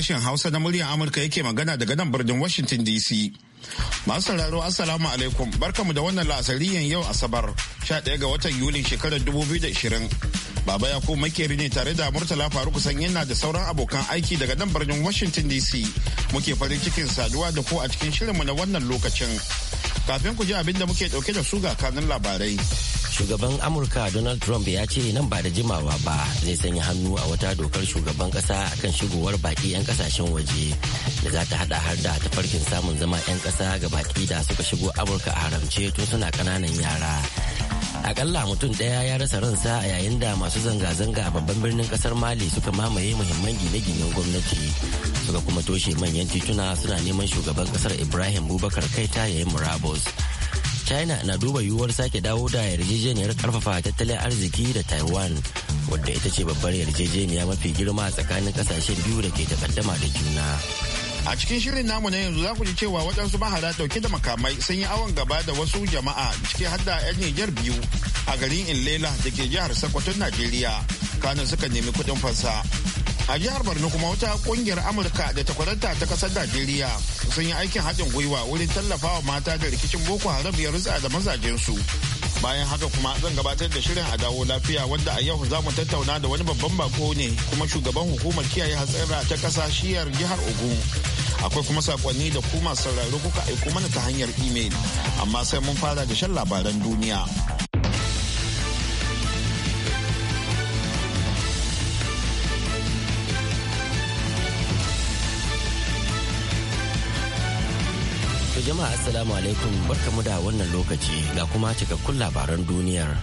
sashen Hausa na muryar Amurka yake magana daga nan birnin Washington DC. Masu sauraro Assalamu alaikum barkamu da wannan la'asariyan yau Asabar 11 ga watan Yulin shekarar 2020. Baba ya ko makeri ne tare da Murtala faruk san yana da sauran abokan aiki daga nan birnin Washington DC. Muke farin cikin saduwa da ko a cikin shirinmu na wannan lokacin. Kafin ku ji abin da muke dauke da su ga kanun labarai. shugaban amurka donald trump ya ce nan ba da jimawa ba zai sanya hannu a wata dokar shugaban kasa akan shigowar baki 'yan kasashen waje da za ta hada har da tafarkin samun zama 'yan kasa ga baki da suka shigo amurka a haramce tun suna kananan yara akalla mutum daya ya rasa ransa a yayin da masu zanga-zanga a babban birnin kasar mali suka mamaye muhimman gine-ginen gwamnati suka kuma toshe manyan tituna suna neman shugaban kasar ibrahim bubakar kaita yayin murabus. china na duba yiwuwar sake dawo da yarjejeniyar karfafa tattalin arziki da taiwan wadda ita ce babbar yarjejeniya mafi girma tsakanin kasashen biyu da ke takaddama da juna a cikin shirin namu na yanzu za ku ji cewa waɗansu mahara ɗauke da makamai sun yi awon gaba da wasu jama'a ciki har da 'yan nijar biyu a garin inlela da ke jihar sokoto najeriya kanin suka nemi kuɗin fansa a jihar borno kuma wata kungiyar amurka da takwaranta ta kasar najeriya sun yi aikin haɗin gwiwa wurin tallafawa mata da rikicin boko haram ya rutsa da mazajensu bayan haka kuma zan gabatar da shirin a dawo lafiya wanda a yau za mu tattauna da wani babban bako ne kuma shugaban hukumar kiyaye hatsara ta kasa shiyar jihar ogun akwai kuma sakonni da kuma sauraro kuka aiko mana ta hanyar imel amma sai mun fara da shan labaran duniya Jama'a Assalamu alaikum barkamu da wannan lokaci ga kuma cikakkun labaran duniyar.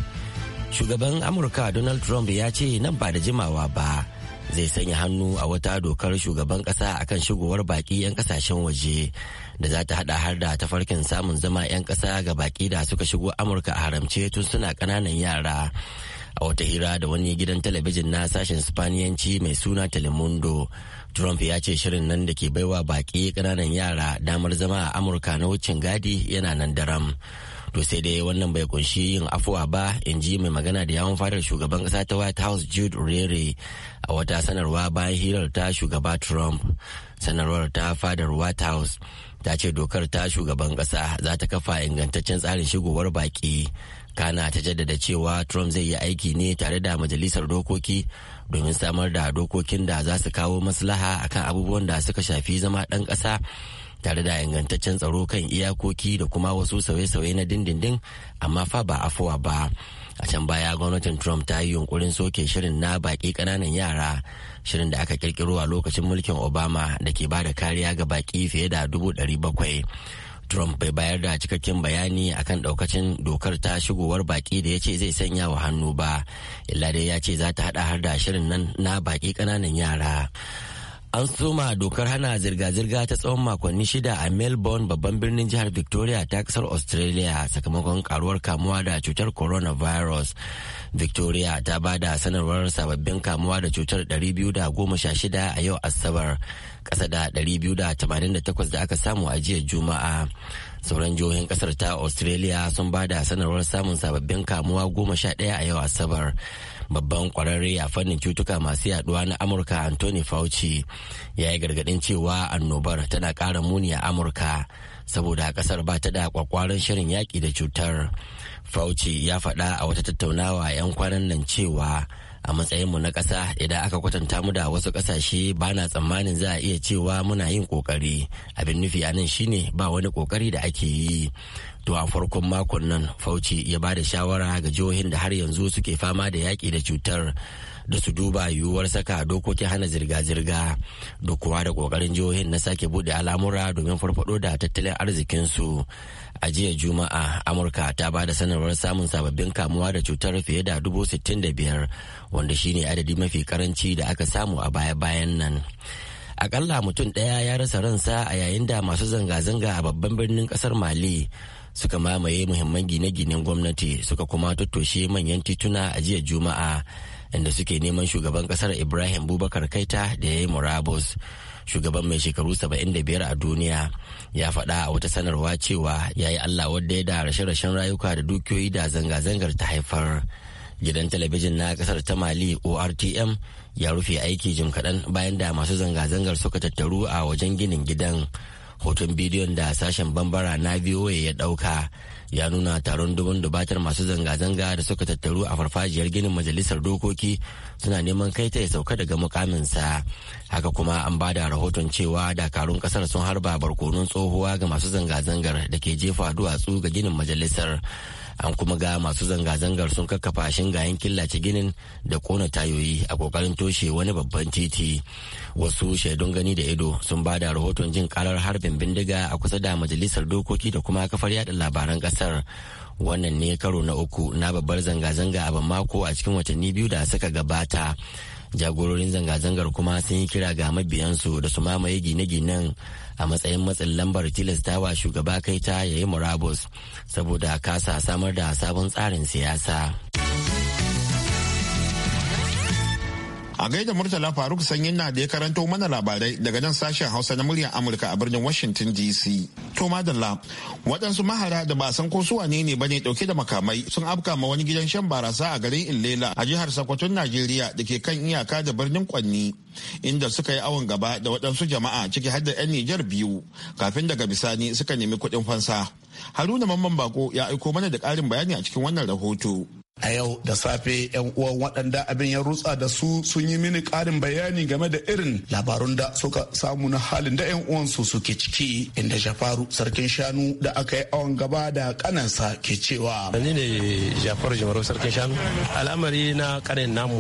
Shugaban Amurka Donald Trump ya ce nan ba da jimawa ba zai sanya hannu a wata dokar shugaban kasa akan shigowar baki 'yan kasashen waje da za ta hada har da tafarkin samun zama 'yan kasa ga baki da suka shigo Amurka a haramce tun suna ƙananan yara. a wata hira da wani gidan talabijin na sashen spaniyanci mai suna telemundo trump ya ce shirin nan da ke baiwa baki ƙananan yara damar zama a amurka na wucin gadi yana nan daram to sai dai wannan bai kunshi yin afuwa ba in ji mai magana da yawon fadar shugaban kasa ta white house jude rere a wata sanarwa bayan hirar ta shugaba trump sanarwar ta fadar white house ta ce dokar ta shugaban kasa za ta kafa ingantaccen tsarin shigowar baki kana ta jaddada cewa trump zai yi aiki ne tare da majalisar dokoki domin samar da dokokin da za su kawo maslaha akan abubuwan da suka shafi zama ɗan ƙasa tare da ingantaccen tsaro kan iyakoki da kuma wasu sauye-sauye na dindindin amma fa ba afuwa ba a can baya gwamnatin trump ta yi yunkurin soke shirin na baki kananan yara shirin da aka kirkiro a lokacin mulkin obama da ke ba da kariya ga baki fiye da dubu bakwai. Trump bai bayar da cikakken bayani akan daukacin dokar ta shigowar baki da ya ce zai sanya wa hannu ba, illa dai ya ce za ta hada har da shirin nan na baki ƙananan yara. An soma dokar hana zirga-zirga ta tsawon makonni shida a Melbourne babban birnin jihar Victoria ta kasar Australia sakamakon karuwar kamuwa da cutar coronavirus. victoria ta ba da sanarwar sababbin kamuwa da cutar 216 a yau asabar ƙasa da 288 da aka samu a jiya juma'a sauran jihohin kasar ta australia sun ba da sanarwar samun sababbin kamuwa 11 a yau asabar babban kwararre a fannin cutuka masu yaduwa na amurka anthony fauci ya yi gargadin cewa annobar tana kara muni a amurka saboda kasar ba ta da kwakwaran shirin yaƙi da cutar fauci ya faɗa a wata tattaunawa 'yan kwanan nan cewa a matsayinmu na ƙasa idan aka kwatanta mu da wasu ƙasashe ba na tsammanin za a iya cewa muna yin ƙoƙari abin nufi a nan shine ba wani ƙoƙari da ake yi to a farkon makon nan fauci ya ba da shawara ga jihohin da har yanzu suke fama da yaƙi da cutar da su duba yiwuwar saka dokokin hana zirga-zirga da kuwa da kokarin jihohin na sake bude al'amura domin farfado da tattalin arzikinsu a jiya juma'a amurka ta ba da sanarwar samun sababbin kamuwa da cutar fiye da dubu sittin da biyar wanda shine adadi mafi karanci da aka samu a baya-bayan nan akalla mutum ɗaya ya rasa ransa a yayin da masu zanga-zanga a babban birnin ƙasar mali suka mamaye muhimman gine-ginen gwamnati suka kuma tattoshe manyan tituna a jiya juma'a inda suke neman shugaban kasar ibrahim bubakar kaita da ya yi murabus shugaban mai shekaru 75 a duniya ya faɗa a wata sanarwa cewa ya yi allah wadda ya da rashe-rashen rayuka da dukiyoyi da zanga-zangar ta haifar gidan talabijin na kasar ta mali ortm ya rufe aiki jim kaɗan bayan da masu zanga-zangar suka tattaru a wajen ginin gidan hoton bidiyon da sashen bambara na voa ya ɗauka ya nuna taron dubin dubatar masu zanga-zanga da suka tattaru a farfajiyar ginin majalisar dokoki suna neman kai ta ya sauka daga mukaminsa haka kuma an ba da rahoton cewa dakarun kasar sun harba barkonon tsohuwa ga masu zanga-zangar da ke jefa duwatsu ga ginin majalisar an kuma ga masu zanga-zangar sun kakkafa shingayen killace ginin da kona tayoyi a kokarin toshe wani babban titi wasu shaidun gani da ido sun ba da rahoton jin karar harbin bindiga a kusa da majalisar dokoki da kuma kafar yada labaran kasar wannan ne karo na uku na babbar zanga-zanga a mako a cikin watanni biyu da suka gabata jagororin zanga-zangar kuma sun yi kira ga mabiyansu da su mamaye gine-ginen a matsayin matsin lambar tilastawa shugaba kaita ya yi murabus saboda kasa samar da sabon tsarin siyasa. A gaida Murtala Faruk Sanyin na da ya karanto mana labarai daga nan sashen Hausa na muryar Amurka a birnin Washington DC. To madalla, waɗansu mahara da ba san ko su wane ne bane ɗauke da makamai sun afka ma wani gidan shan barasa a garin Illela a jihar Sokoton Najeriya da ke kan iyaka da birnin Kwanni, inda suka yi awon gaba da waɗansu jama'a ciki har da 'yan Nijar biyu kafin daga bisani suka nemi kuɗin fansa. Haruna Mamman Bako ya aiko mana da ƙarin bayani a cikin wannan rahoto. a yau da safe yan uwan waɗanda abin ya rutsa da su sun yi mini ƙarin bayani game da irin labarun da suka samu na halin da yan uwansu suke ciki inda jafaru sarkin shanu da aka yi awon gaba da kanansa ke cewa ni ne jafaru jimarau sarkin shanu al'amari na kanin namu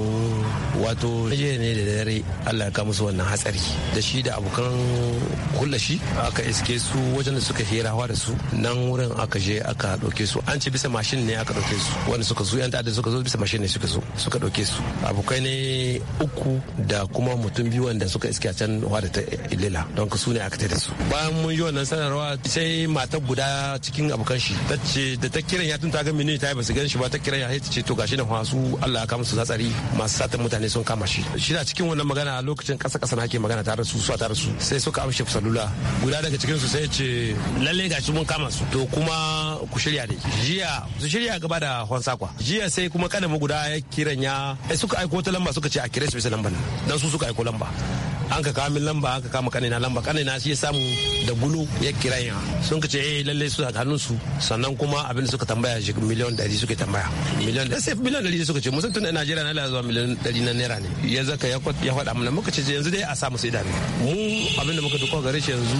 wato jiya ne da dare allah ya musu wannan hatsari da shi da abokan hulla shi aka iske su wajen da suka hirawa da su nan wurin aka je aka ɗauke su an ci bisa mashin ne aka ɗauke su wanda suka zuya yan da suka zo bisa mashin ne suka zo suka ɗauke su abokai ne uku da kuma mutum biyu wanda suka iske a can wada ta ilila don su ne aka da su bayan mun yi wannan sanarwa sai matar guda cikin abokan shi ta ce da ta kiran ya tun ta ga mini ta ba su gan shi ba ta kiran ya ta ce to gashi na su Allah ya kama su zatsari masu satan mutane sun kama shi shi da cikin wannan magana a lokacin kasa kasa na ke magana tare su su tare su sai suka amshe salula guda daga cikin su sai ce lalle gashi mun kama su to kuma ku shirya ne jiya su shirya gaba da sakwa jiya jiya sai kuma kanin guda ya kiran ya eh, suka aiko ta lamba suka ce a kire su bisa lamban dan su suka aiko lamba an ka kawo min lamba an ka kama na lamba na shi ya samu da gulu ya kira ya sun ka ce eh lalle su a hannun su sannan kuma abin da suka tambaya shi miliyan dari suka tambaya miliyan ɗari sai miliyan dari suka ce musan tunda Najeriya na zuwa miliyan dari na naira ne ya zaka ya faɗa mana muka ce yanzu dai a samu sai da ne mu abin da muka duka gare shi yanzu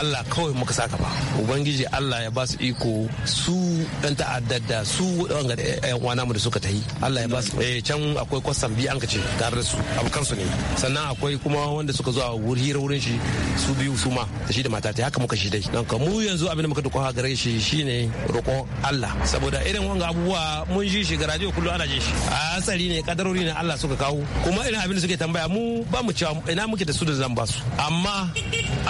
Allah kawai muka saka ba ubangiji Allah ya ba su iko su dan ta'addar da su wanga da ƴan uwa namu da suka yi. Allah ya ba su eh, can akwai kwasan bi an ka ce tare da su abukan su ne sannan akwai kuma wanda suka zo a wuri wurin shi su biyu su ma da shi da mata ta haka muka shi dai don mu yanzu abin da muka duka gare shi shine roko Allah saboda irin wanga abubuwa mun ji shi garaje kullu ana jin shi a ne kadarori ne Allah suka kawo kuma irin abin da suke tambaya mu ba mu cewa ina muke da su da zan ba su amma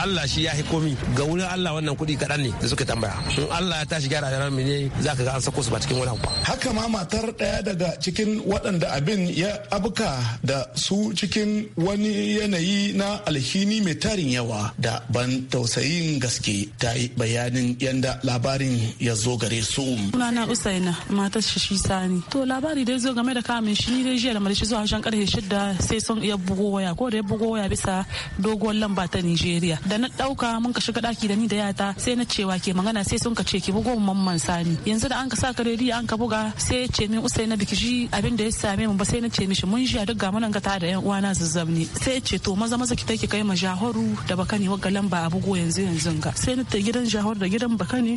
Allah shi ya komi ga wurin Allah wannan kuɗi kaɗan ne da suke tambaya in Allah ya tashi gyara da mu ne za ka ga an sako su ba cikin wani abu haka ma matar ɗaya daga cikin waɗanda abin ya abuka da su cikin wani yanayi na alhini mai tarin yawa da ban tausayin gaske ta yi bayanin yadda labarin ya zo gare su. Sunana Usaina matar shi sani. To labari dai zo game da kamin shi ne jiya da malishi zuwa wajen karfe shida sai sun ya bugo waya ko da ya bugo waya bisa doguwar lamba ta Nijeriya. Da na dauka mun ka shiga daki da ni da yata sai na cewa ke magana sai sun ka ce ki bugo mamman sani. Yanzu da an ka sa ka rediyo an ka buga sai ce min Usaina biki ji abin da ya same mu ba sai na ce mishi mun jiya duk ga munan ga ta da yan uwana zazzab ne. Sai ce to maza maza ki take kai ma jahoru da baka ne wagga lamba abu go yanzu yanzu ga sai ni ta gidan jahoru da gidan baka ne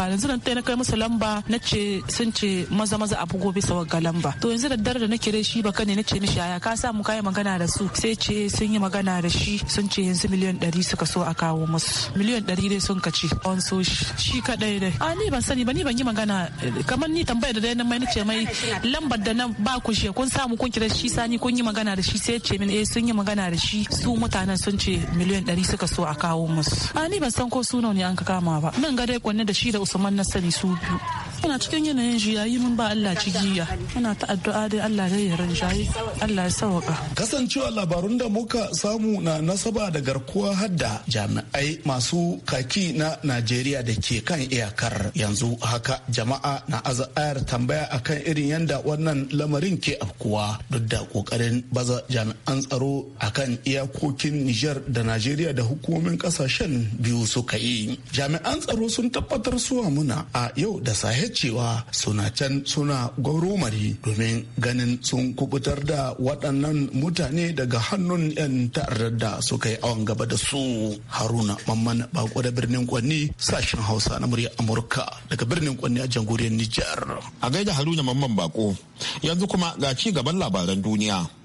a yanzu da na kai masa lamba na ce sun ce maza maza abu go sa wagga lamba to yanzu da dare da na kire shi baka ne na ce mishi shaya ka sa mu kai magana da su sai ce sun yi magana da shi sun ce yanzu miliyan ɗari suka so a kawo musu miliyan ɗari dai sun kace on so shi kadai dai a ni ban sani ba ni ban yi magana kamar ni tambaya da dai nan mai na ce mai lambar da nan ba ku shi kun samu kun kira shi sani kun yi magana da shi sai ce min eh sun yi magana yana da shi su mutanen sun ce miliyan ɗari suka so a kawo musu a ni ban san ko su ne an ka kama ba nan ga dai kwanne da shi da usman na sani su biyu ina cikin yanayin jiya yi mun ba Allah jiya. Muna ta addu'a dai Allah zai yaran jayi. Allah ya sauka. Kasancewa labarun da muka samu na nasaba da garkuwa hadda jami'ai masu kaki na Najeriya da ke kan iyakar yanzu haka jama'a na azayar tambaya akan irin yanda wannan lamarin ke afkuwa duk da kokarin baza jami'an tsaro akan iyakokin niger da Najeriya da hukumomin kasashen biyu suka yi. Jami'an tsaro sun tabbatar suwa muna a yau da sahi cewa suna can suna gwauromari domin ganin sun kubutar da waɗannan mutane daga hannun 'yan ta'addar da suka yi awon gaba da su haruna mamman bako da birnin kwanni sashen hausa na murya amurka daga birnin kwanni a jamhuriyar nijar a gaida haruna mamman bako yanzu kuma ga ci gaban labaran duniya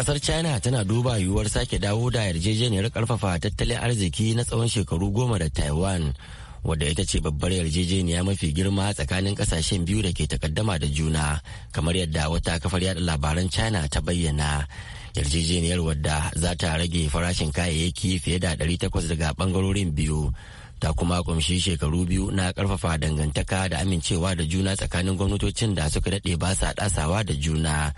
kasar china tana duba yiwuwar sake dawo da yarjejeniyar karfafa tattalin arziki na tsawon shekaru goma da taiwan wadda ita ce babbar yarjejeniya mafi girma tsakanin kasashen biyu da ke takaddama da juna kamar yadda wata kafar yada labaran china ta bayyana yarjejeniyar wadda za ta rage farashin kayayyaki fiye da 800 daga bangarorin biyu ta kuma kumshi shekaru biyu na karfafa dangantaka da amincewa da juna tsakanin gwamnatocin da suka daɗe ba sa ɗasawa da juna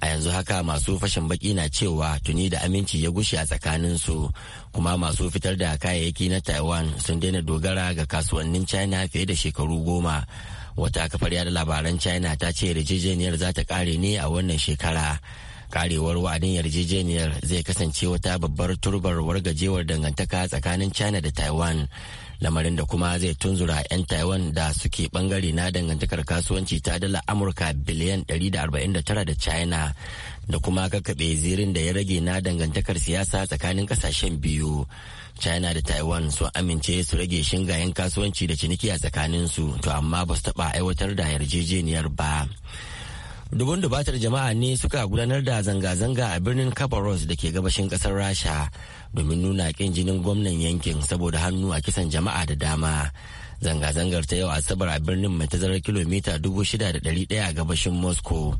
a yanzu haka masu fashin baki na cewa tuni da aminci ya gushe a tsakanin su kuma masu fitar da kayayyaki na taiwan sun daina dogara ga kasuwannin china fiye da shekaru goma wata kafar yada labaran china ta ce yarjejeniyar za ta kare ne a wannan shekara karewar wa'adin yarjejeniyar zai kasance wata babbar turbar wargajewar dangantaka tsakanin china da taiwan lamarin da kuma zai tunzura 'yan taiwan da suke bangare na dangantakar kasuwanci ta dala amurka biliyan 149 da china da kuma kakkaɓe zirin da ya rage na dangantakar siyasa tsakanin kasashen biyu china da taiwan sun amince su rage shingayen kasuwanci da ciniki a tsakaninsu to amma ba su taɓa aiwatar da yarjejeniyar ba. dubun dubatar jama'a ne suka gudanar da zanga-zanga a birnin kabaros da ke gabashin kasar rasha domin nuna kin jinin gwamnan yankin saboda hannu a kisan jama'a da dama zanga-zangar ta yau asabar a birnin mai tazarar kilomita 6,100 a gabashin moscow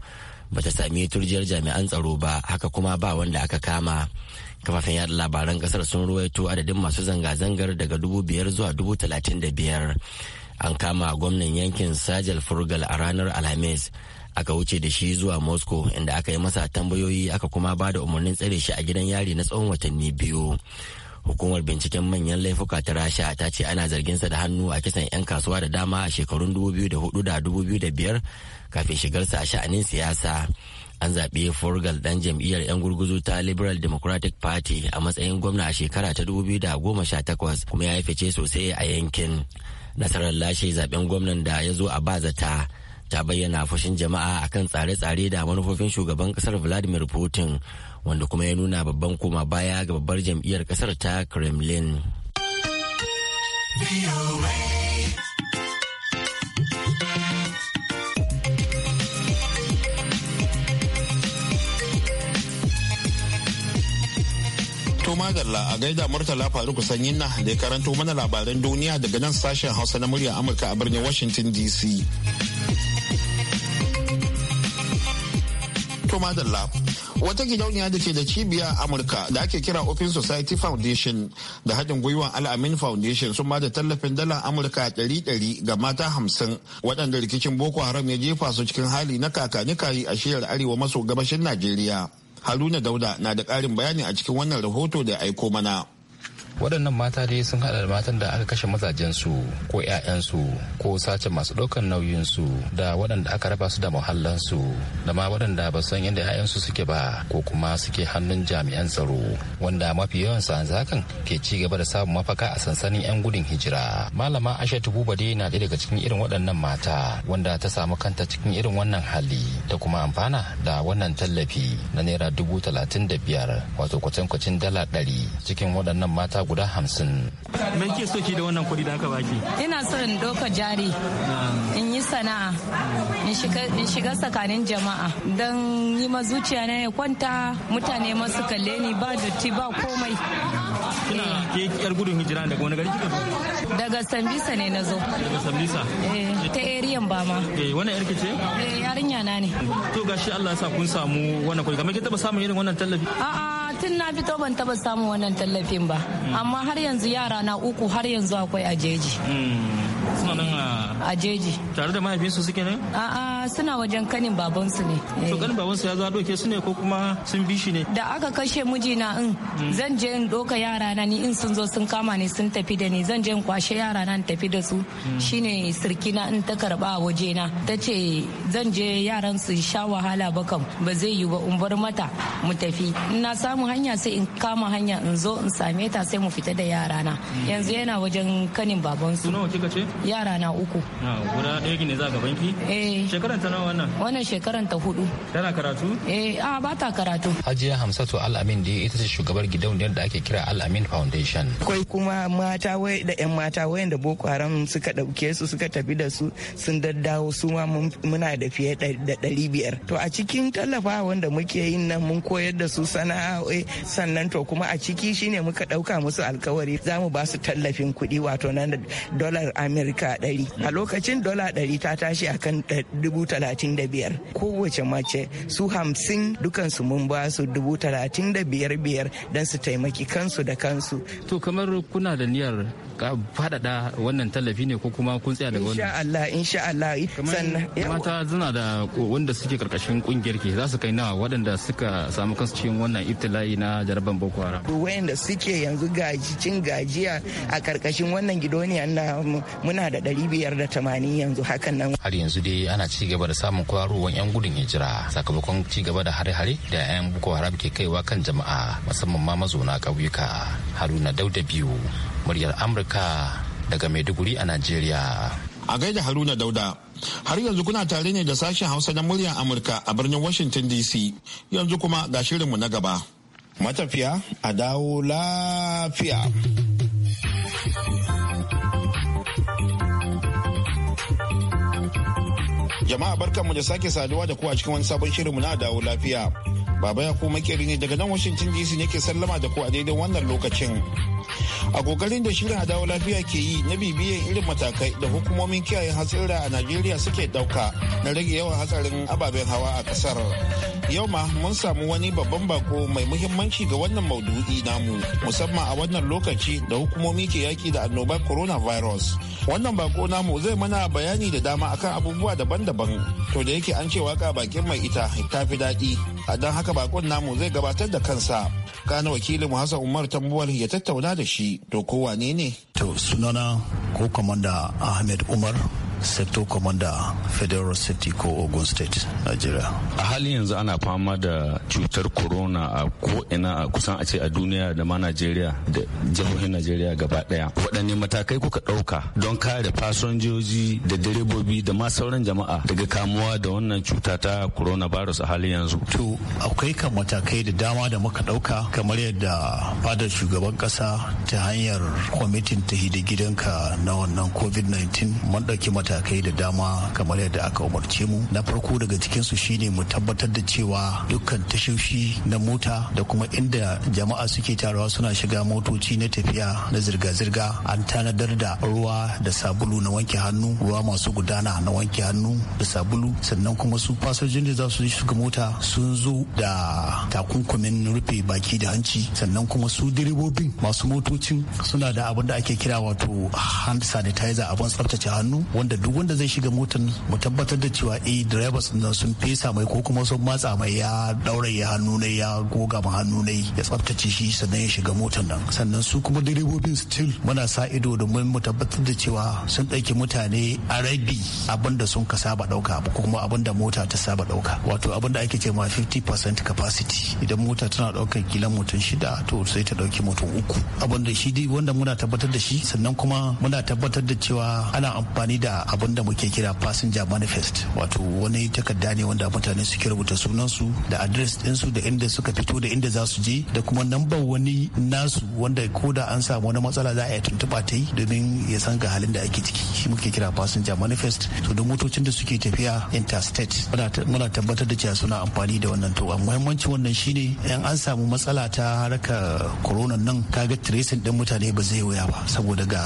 Ba ta sami turjiyar jami'an tsaro ba haka kuma ba wanda aka kama kafafen yada labaran kasar sun ruwaito adadin masu zanga-zangar daga dubu biyar zuwa dubu talatin da biyar an kama gwamnan yankin sajal furgal a ranar alhamis aka wuce da shi zuwa moscow inda aka yi masa tambayoyi aka kuma ba da umarnin tsare shi a gidan yari na tsawon watanni biyu hukumar binciken manyan laifuka ta rasha ta ce ana zarginsa da hannu a kisan 'yan kasuwa da dama a shekarun 2004 da 2005 kafin shigarsa a sha'anin siyasa an zaɓi forgal ɗan jam'iyyar 'yan gurguzu ta liberal democratic party a matsayin gwamna a shekara ta 2018 kuma ya fice sosai a yankin nasarar lashe zaɓen gwamnan da ya zo a ba zata. ta bayyana fushin jama'a akan tsare-tsare da manufofin shugaban kasar vladimir putin wanda kuma ya nuna babban koma baya ga babbar jam'iyyar kasar ta kremlin magalla a gaida Murtala Faruku Sanyin na da ya karanto mana labaran duniya daga nan sashen Hausa na murya Amurka a birnin Washington DC. To madalla. Wata gidauniya da ke da cibiya a Amurka da ake kira Open Society Foundation da haɗin gwiwan Al'amin Foundation sun ba da tallafin dalar Amurka ɗari ɗari ga mata hamsin waɗanda rikicin Boko Haram ya jefa su cikin hali na kakanikayi a shiyar arewa maso gabashin Najeriya. Haruna Dauda na da ƙarin bayani a cikin wannan rahoto da aiko mana. waɗannan mata dai sun haɗa da matan da aka kashe mazajensu ko 'ya'yansu ko sace masu ɗaukar nauyinsu da waɗanda aka raba su da muhallansu da ma waɗanda ba san yadda 'ya'yansu suke ba ko kuma suke hannun jami'an tsaro wanda mafi yawan su ke ci gaba da samun mafaka a sansanin 'yan gudun hijira malama aisha buba dai na ɗaya daga cikin irin waɗannan mata wanda ta samu kanta cikin irin wannan hali ta kuma amfana da wannan tallafi na naira dubu talatin da biyar wato kwace-kwacin dala ɗari cikin waɗannan mata guda hamsin. Me ke so ki da wannan kuɗi da aka baki? Ina so in doka jari, in yi sana'a, in shiga tsakanin jama'a don yi ma zuciya na ya kwanta mutane masu kalle ni ba dotti ba komai. Kina ke yar gudun hijira daga wani gari kika zo? Daga Sambisa ne na zo. Daga Sambisa? Eh, ta eriyan ba ma. Eh, wannan yar ce? Eh, yarinya na ne. To gashi Allah ya sa kun samu wannan kuɗi. Kamar ki taba samun irin wannan tallafi? A'a, tun na fito ban taba samun wannan tallafin ba amma har yanzu yara na uku har yanzu akwai a jeji mm. suna nan a jeji tare da mahaifinsu suke nan a'a suna wajen kanin babansu ne to eh. kanin babansu ya zo doke su ne ko kuma sun bi shi ne da aka kashe mijina in hmm. zan je in doka yara na ni in sun zo sun kama ni sun tafi da ni zan je in kwashe yara na tafi da su hmm. shine na in ta karba a waje na ta ce zan je yaran su sha wahala ba kam ba zai yi ba in bar mata mu tafi na samu hanya sai in kama hanya in zo in same ta sai mu fita da yara na hmm. yanzu yana wajen kanin babansu nawa kika ce yara na uku ah, guda ɗaya ki ne za gaban ki eh shekaran ta nawa wannan wannan shekaran ta hudu tana karatu eh a ba ta karatu hajiya hamsatu al-amin da ita ce shugabar gidauniyar da ake kira al-amin foundation akwai kuma mata wai da ƴan mata wayanda boko haram suka ɗauke su suka tafi da su sun daddawo su ma muna da fiye da ɗari biyar to a cikin tallafa wanda muke yi nan mun koyar da su sana'o'i sannan to kuma a ciki shine muka ɗauka musu alkawari za mu ba su tallafin kuɗi wato nan da dolar amin amurka 100 a lokacin dola 100 ta tashi a da 35,000 kowace mace su hamsin dukansu mun ba su biyar don su taimaki kansu da kansu to kamar kuna da niyyar faɗaɗa wannan tallafi ne ko kuma kun tsaya daga wannan insha Allah insha Allah sannan mata suna da wanda suke karkashin kungiyar ke za su kai nawa waɗanda suka samu kansu cikin wannan ibtila'i na jaraban boko haram waɗanda suke yanzu gaji cin gajiya a karkashin wannan gidoniya na muna da ɗari biyar da tamanin yanzu hakan nan. Har yanzu dai ana ci gaba da samun kwararowar 'yan gudun hijira sakamakon ci gaba da hare-hare da 'yan Boko Haram ke kaiwa kan jama'a musamman ma mazauna ƙauyuka. Haruna Dauda biyu muryar Amurka daga Maiduguri a Najeriya. A gaida Haruna Dauda, har yanzu kuna tare ne da sashen Hausa na muryar Amurka a birnin Washington DC. Yanzu kuma ga shirinmu na gaba. Matafiya a dawo lafiya. Jama'a barkanmu da sake saduwa da ku cikin wani sabon shirinmu na dawo lafiya. Baba ya kuma makeri ne daga nan Washington DC yake sallama da ku a daidai wannan lokacin. A kokarin da shirin hadawa lafiya ke yi na bibiyan irin matakai da hukumomin kiyaye hatsira a Najeriya suke dauka na rage yawan hatsarin ababen hawa a kasar. Yau ma mun samu wani babban bako mai muhimmanci ga wannan maudu'i namu musamman a wannan lokaci da hukumomi ke yaki da annobar coronavirus. Wannan bako namu zai mana bayani da dama akan abubuwa daban-daban. To da yake an ce waka bakin mai ita ta fi daɗi. A don haka haka bakon namu zai gabatar da kansa kana wakilin hassan umar tambuwal ya tattauna da shi to ko wane ne to sunana ko kamanda ahmed umar sector commander federal city ko ogun state nigeria a halin yanzu ana fama da cutar corona a ko'ina a kusan a ce a duniya da ma nigeria da jihohin nigeria gaba daya waɗanne matakai kuka ɗauka don kare fasinjoji da direbobi da ma sauran jama'a daga kamuwa da wannan cuta ta virus a halin yanzu to akwai kan matakai da dama da muka ɗauka kamar yadda fadar shugaban ƙasa ta hanyar kwamitin ta gidanka na wannan covid-19 mun ɗauki matakai matakai da dama kamar yadda aka umarce mu na farko daga cikinsu shine mu tabbatar da cewa dukkan tashoshi na mota da kuma inda jama'a suke taruwa suna shiga motoci na tafiya na zirga-zirga an tanadar da ruwa da sabulu na wanke hannu ruwa masu gudana na wanke hannu da sabulu sannan kuma su fasojin da za su shiga mota sun zo da takunkumin rufe baki da hanci sannan kuma su direbobin masu motocin suna da abin da ake kira wato hand sanitizer abin tsabtace hannu wanda duk wanda zai shiga motan mu tabbatar da cewa eh drivers nan sun fesa mai ko kuma sun matsa mai ya daura ya hannu ne ya goga ma hannu ne ya tsaftace shi sannan ya shiga motan nan sannan su kuma direbobin still muna sa ido domin mu tabbatar da cewa sun ɗauki mutane a rabi abin sun ka saba ɗauka ko kuma abin da mota ta saba ɗauka wato abin ake ce ma 50% capacity idan mota tana daukar kilan mutum shida to sai ta ɗauki mutum uku abin shi dai wanda muna tabbatar da shi sannan kuma muna tabbatar da cewa ana amfani da abin da muke kira passenger manifest wato wani takarda ne wanda mutane suke rubuta sunansu da address ɗinsu da inda suka fito da inda za su je da kuma number wani nasu wanda ko da an samu wani matsala za a yi ta yi domin ya san ga halin da ake ciki shi muke kira passenger manifest to da motocin da suke tafiya interstate muna tabbatar da cewa suna amfani da wannan to muhimmanci wannan shine yan an samu matsala ta haraka corona nan kaga tracing din mutane ba zai wuya ba saboda ga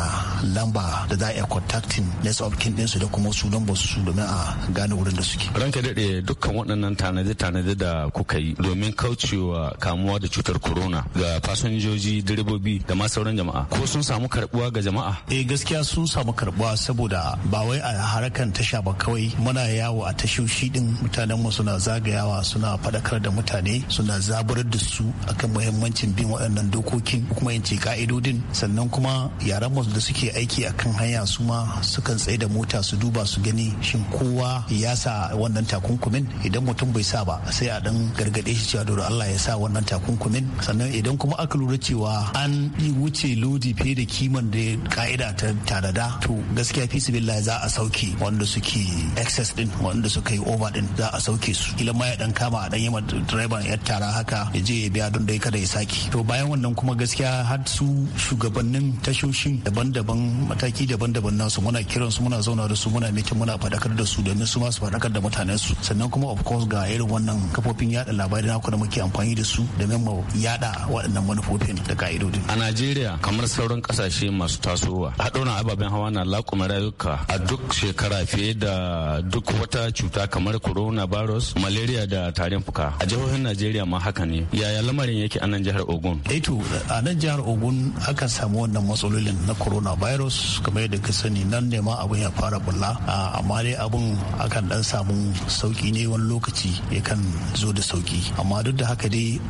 lamba da za a yi contacting less of tracking ɗinsu da kuma su ba su domin a gane wurin da suke. Ranka daɗe dukkan waɗannan tanade-tanade da kuka yi domin kaucewa kamuwa da cutar corona ga fasinjoji direbobi da ma sauran jama'a ko sun samu karbuwa ga jama'a? Eh gaskiya sun samu karbuwa saboda ba wai a harakan tasha ba kawai muna yawo a tashoshi din mutanen mu suna zagayawa suna faɗakar da mutane suna zaburar da su akan muhimmancin bin waɗannan dokokin kuma yin ce ka'idodin sannan kuma yaran mu da suke aiki akan hanya su ma sukan tsaye da mu mota su duba su gani shin kowa ya sa wannan takunkumin idan mutum bai sa ba sai a dan gargade shi cewa dole Allah ya sa wannan takunkumin sannan idan kuma aka lura cewa an wuce lodi fiye da kiman da ka'ida ta da to gaskiya fi sabilillah za a sauke wanda suke excess din wanda suka yi over din za a sauke su kila ma ya dan kama a dan yi direban yar tara haka ya je ya biya don dai kada ya saki to bayan wannan kuma gaskiya har su shugabannin tashoshin daban-daban mataki daban-daban nasu muna kiran su muna zauna da su muna mitin muna faɗakar da su domin su ma su faɗakar da mutanen su sannan kuma of course ga irin wannan kafofin yada labarai naku da muke amfani da su domin mu yada waɗannan manufofin da ka'idodin. A Najeriya kamar sauran kasashe masu tasowa haɗona ababen hawa na lakuma rayuka a duk shekara fiye da duk wata cuta kamar coronavirus malaria da tarin fuka a jihohin Najeriya ma haka ne yaya lamarin yake a nan jihar Ogun. Eto eh a nan jihar Ogun akan samu wannan matsalolin na coronavirus kamar yadda ka sani nan ne ma abin ya fara bulla amma dai abun akan dan samu sauki ne wani lokaci kan zo da sauki amma duk da haka dai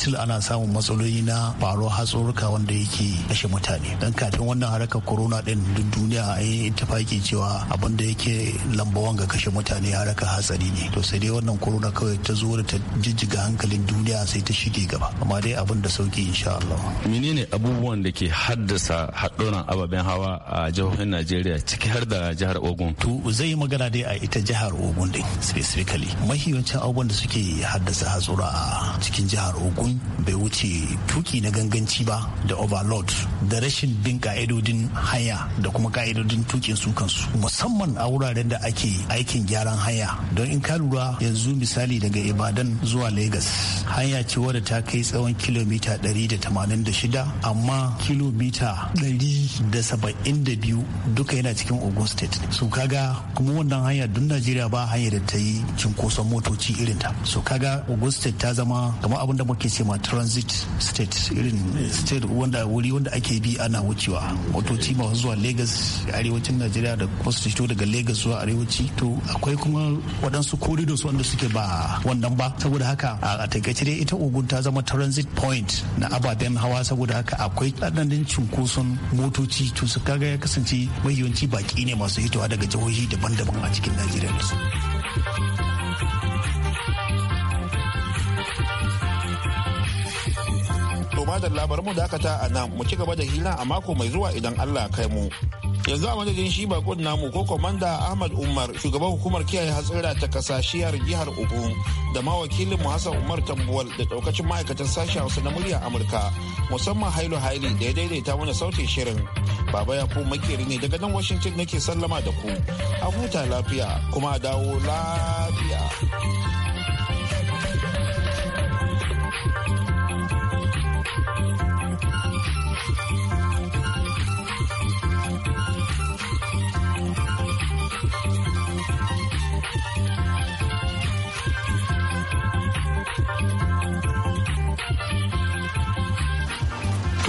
sil ana samun matsaloli na faro hatsurruka wanda yake kashe mutane dan kafin wannan harkar corona din duk duniya an yi ittifaki cewa abin da yake lambawan ga kashe mutane harkar hatsari ne to sai dai wannan corona kawai ta zo da ta jijjiga hankalin duniya sai ta shige gaba amma dai abin da sauki insha Allah menene abubuwan da ke haddasa haɗuran ababen hawa a jihohin Najeriya ciki har da jihar Ogun. To zai yi magana dai a ita jihar Ogun din specifically. Mahiyancin abubuwan da suke haddasa hatsura a cikin jihar Ogun bai wuce tuki na ganganci ba da overload da rashin bin ka'idodin haya da kuma ka'idodin tukin su kansu musamman a wuraren da ake aikin gyaran haya don in ka lura yanzu misali daga Ibadan zuwa Lagos hanya ce wadda ta kai tsawon kilomita 186 amma kilomita 172 duka yana cikin Ogun state United. so kaga kuma wannan hanya don najeriya ba hanya da ta yi cinkoson motoci irin ta so kaga ogun state ta zama kamar abin da muke cewa transit state irin eh, state wanda wuri wanda ake bi ana wucewa motoci masu zuwa lagos arewacin najeriya da kuma su fito daga lagos zuwa arewaci to akwai kuma waɗansu corridors wanda suke ba wannan ba saboda haka a takaice dai ita ogun ta zama transit point na ababen hawa saboda haka akwai ɗanɗanin cunkoson motoci to su kaga ya kasance mahiyanci baƙi ne masu masu hitowa daga jihohi daban-daban a cikin najeriya da su to da labarin dakata a nan mu ci gaba da hira a mako mai zuwa idan allah kai mu yanzu a madadin shi bakon namu ko komanda ahmad umar shugaban hukumar kiyaye hatsira ta kasashiyar jihar ogun da ma wakilin mu hassan umar tambuwal da daukacin ma'aikatan sashen hausa na muryar amurka musamman hailu haili da ya daidaita mana sautin shirin baba ya makeri ne daga nan washington nake sallama da ku a huta lafiya kuma a dawo lafiya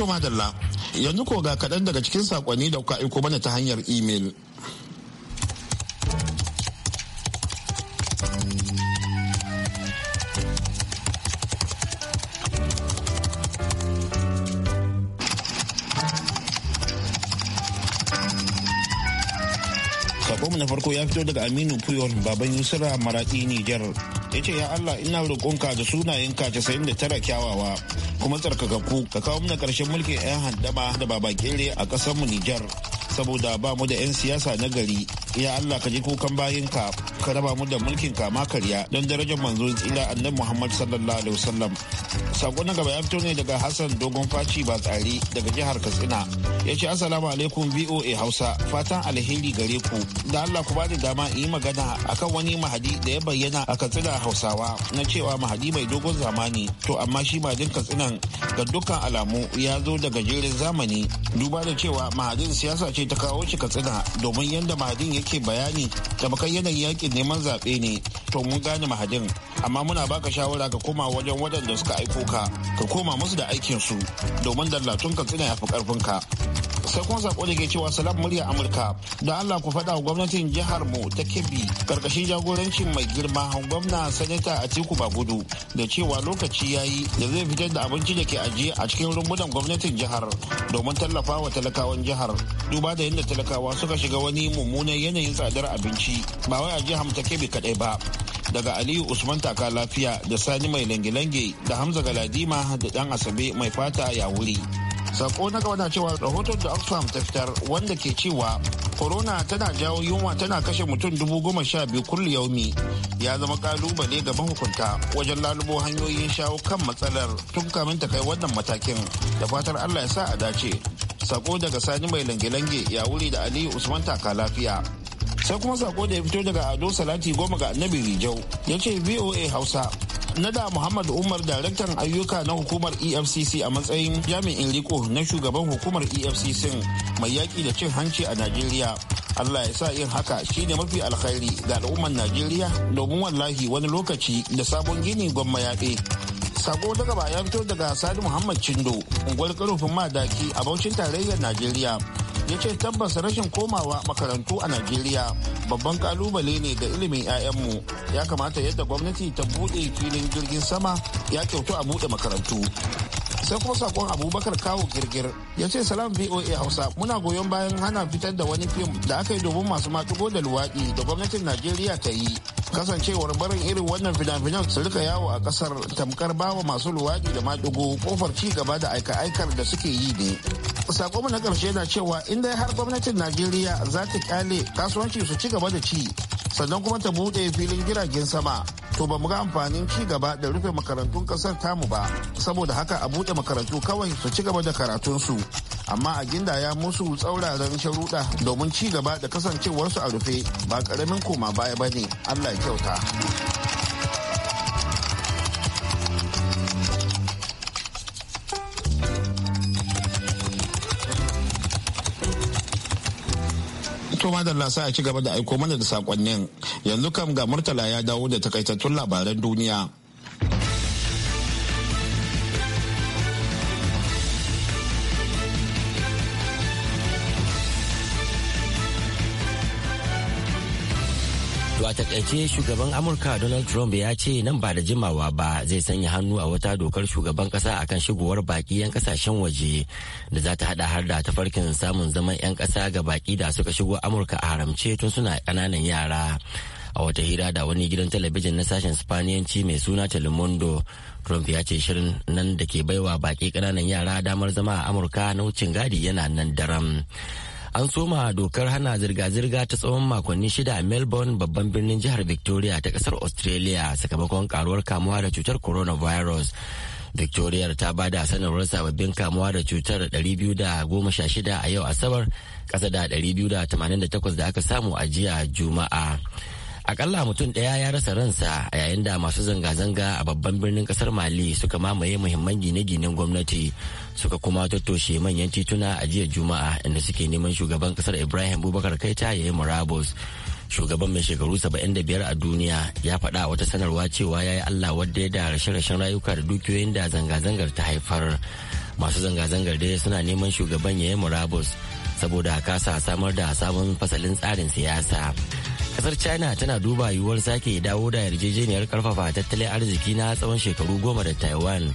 To madalla, yanzu ko ga kaɗan daga cikin sakonni da kuka aiko mana ta hanyar imel. mu na farko ya fito daga aminu puyol baban yusra maraki nijar ya ce ya allah ina roƙonka da sunayenka 99 kyawawa kuma tsarkakakku ka kawo mana karshen mulkin 'yan handama da babakere a ƙasarmu Nijar saboda ba mu da 'yan siyasa na gari ya Allah ka ji kukan bayinka ka raba mu da mulkin kama karya don darajar manzo ila annabi Muhammad sallallahu alaihi wasallam sako na gaba ya fito ne daga Hassan Dogon Faci ba tsari daga jihar Katsina ya ce assalamu alaikum VOA Hausa fatan alheri gare ku da Allah ku bada dama in yi magana akan wani mahadi da ya bayyana a Katsina Hausawa na cewa mahadi mai dogon zamani to amma shi mahadin Katsinan ga dukkan alamu ya zo daga jerin zamani duba da cewa mahadin siyasa ce ta kawo shi Katsina domin yadda mahadin ya yake bayani tabakan yanayin yakin neman zaɓe ne to mun gane mahadin amma muna baka shawara ka koma wajen waɗanda suka aiko ka ka koma musu da aikin su domin dallatun ka tsina ya fi ƙarfin ka sai kuma sako da ke cewa salam murya amurka da allah ku faɗa gwamnatin jihar mu ta kebbi karkashin jagorancin mai girma gwamna sanata atiku bagudu da cewa lokaci ya yi da zai fitar da abinci da ke ajiye a cikin rumbunan gwamnatin jihar domin tallafa wa talakawan jihar duba da yadda talakawa suka shiga wani mummunan yanayin tsadar abinci ba wai a jihar ta kebbi kaɗai ba daga aliyu usman taka lafiya da sani mai lange-lange da hamza galadima da dan asabe mai fata ya wuri sako na gaba na cewa rahoton da oxfam ta fitar wanda ke cewa corona tana jawo yunwa tana kashe mutum dubu goma sha biyu kullu yaumi ya zama kalubale ga mahukunta wajen lalubo hanyoyin shawo kan matsalar tun kamin ta kai wannan matakin da fatar allah ya sa a dace sako daga sani mai lange-lange ya wuri da aliyu usman taka lafiya sai kuma sako da ya fito daga ado salati goma ga annabi rijau ya ce voa hausa nada muhammad umar daraktan ayyuka na hukumar efcc a matsayin jami'in riko na shugaban hukumar efcc mai yaƙi da cin hanci a najeriya allah ya sa yin haka shi ne mafi alkhairi ga al'ummar najeriya domin wallahi wani lokaci da sabon gini gwamma yaɗe sako daga baya fito daga sadi muhammad Chindo unguwar karofin madaki a bauchin tarayyar najeriya ya ce tabbas rashin komawa makarantu a najeriya babban kalubale ne ga ilimin 'ya'yanmu ya kamata yadda gwamnati ta buɗe filin jirgin sama ya kyautu a buɗe makarantu sai kuma sakon abubakar kawo girgir ya ce salam voa hausa muna goyon bayan hana fitar da wani fim da aka yi domin masu matugo da luwaɗi da gwamnatin najeriya ta yi kasancewar barin irin wannan fina-finan su rika yawo a kasar tamkar bawa masu luwaɗi da maɗigo kofar ci gaba da aika-aikar da suke yi ne sakonmu na ƙarshe na cewa inda har gwamnatin najeriya za ta kyale kasuwanci su ci gaba da ci sannan kuma ta bude filin jiragen sama to ba mu ga amfanin ci gaba da rufe makarantun kasar tamu ba saboda haka a bude makarantu kawai su ci gaba da su amma a ginda ya musu tsauraran sharuɗa domin ci gaba da kasancewarsu a rufe ba karamin koma baya ba ne allah ya kyauta to madalla sai a ci gaba da aiko mana da sakonnin yanzu kam ga murtala ya dawo da takaitattun labaran duniya takaice shugaban Amurka Donald Trump ya ce nan ba da jimawa ba zai sanya hannu a wata dokar shugaban kasa akan shigowar baki 'yan kasashen waje da za ta hada har da tafarkin samun zaman 'yan kasa ga baki da suka shigo Amurka a haramce tun suna kananan yara. a wata hira da wani gidan talabijin na sashen spaniyanci mai suna telemundo trump ya ce shirin nan da ke baiwa baki kananan yara damar zama a amurka na wucin gadi yana nan daram an soma dokar hana zirga-zirga ta tsawon makonni shida a melbourne babban birnin jihar victoria ta kasar australia sakamakon karuwar kamuwa da cutar coronavirus victoria ta ba da sanarwar sababbin kamuwa da cutar 216 a yau asabar kasa da 288 da aka samu a jiya juma'a akalla mutum ɗaya ya rasa ransa a yayin da masu zanga-zanga a babban birnin kasar mali suka mamaye muhimman gine-ginen gwamnati suka kuma tattoshe manyan tituna a jiya juma'a inda suke neman shugaban kasar ibrahim bubakar kaita ya yi murabus shugaban mai shekaru 75 a duniya ya faɗa wata sanarwa cewa ya yi allah wadda ya da rashe-rashen rayuka da dukiyoyin da zanga-zangar ta haifar masu zanga-zangar dai suna neman shugaban ya yi murabus saboda kasa samar da sabon fasalin tsarin siyasa kasar china tana duba yiwuwar sake dawo da yarjejeniyar karfafa tattalin arziki na tsawon shekaru goma da taiwan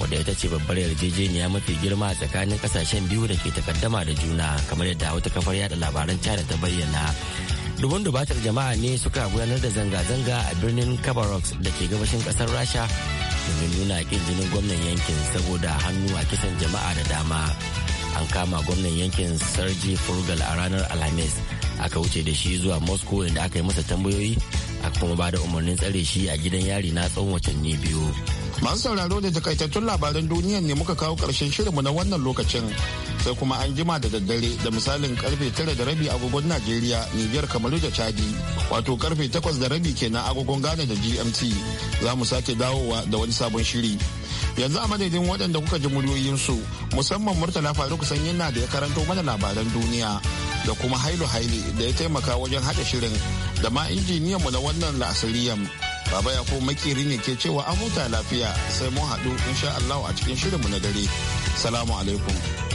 wadda ita ce babbar yarjejeniya mafi girma tsakanin kasashen biyu da ke takaddama da juna kamar yadda wata kafar yada labaran china ta bayyana dubun dubatar jama'a ne suka gudanar da zanga-zanga a birnin kabarok da ke gabashin kasar rasha domin nuna kin jinin gwamnan yankin saboda hannu a kisan jama'a da dama an kama gwamnan yankin sarji furgal a ranar alhamis aka wuce da shi zuwa moscow inda aka yi masa tambayoyi aka kuma ba da umarnin tsare shi a gidan yari na tsawon watanni biyu masu sauraro da takaitattun labaran duniya ne muka kawo karshen shirinmu na wannan lokacin sai kuma an jima da daddare da misalin karfe tara da rabi agogon najeriya niger kamaru da chadi wato karfe takwas da rabi kenan agogon ghana da gmt za mu sake dawowa da wani sabon shiri yanzu a madadin waɗanda kuka ji muryoyinsu musamman murtala faruk sanyin na da ya karanto mana labaran duniya da kuma hailu haili da ya taimaka wajen haɗa shirin da ma injiniyanmu na wannan la'asariyan baba ya ko makiri ne ke cewa an huta lafiya sai mun haɗu insha Allah a cikin shirinmu na dare salamu alaikum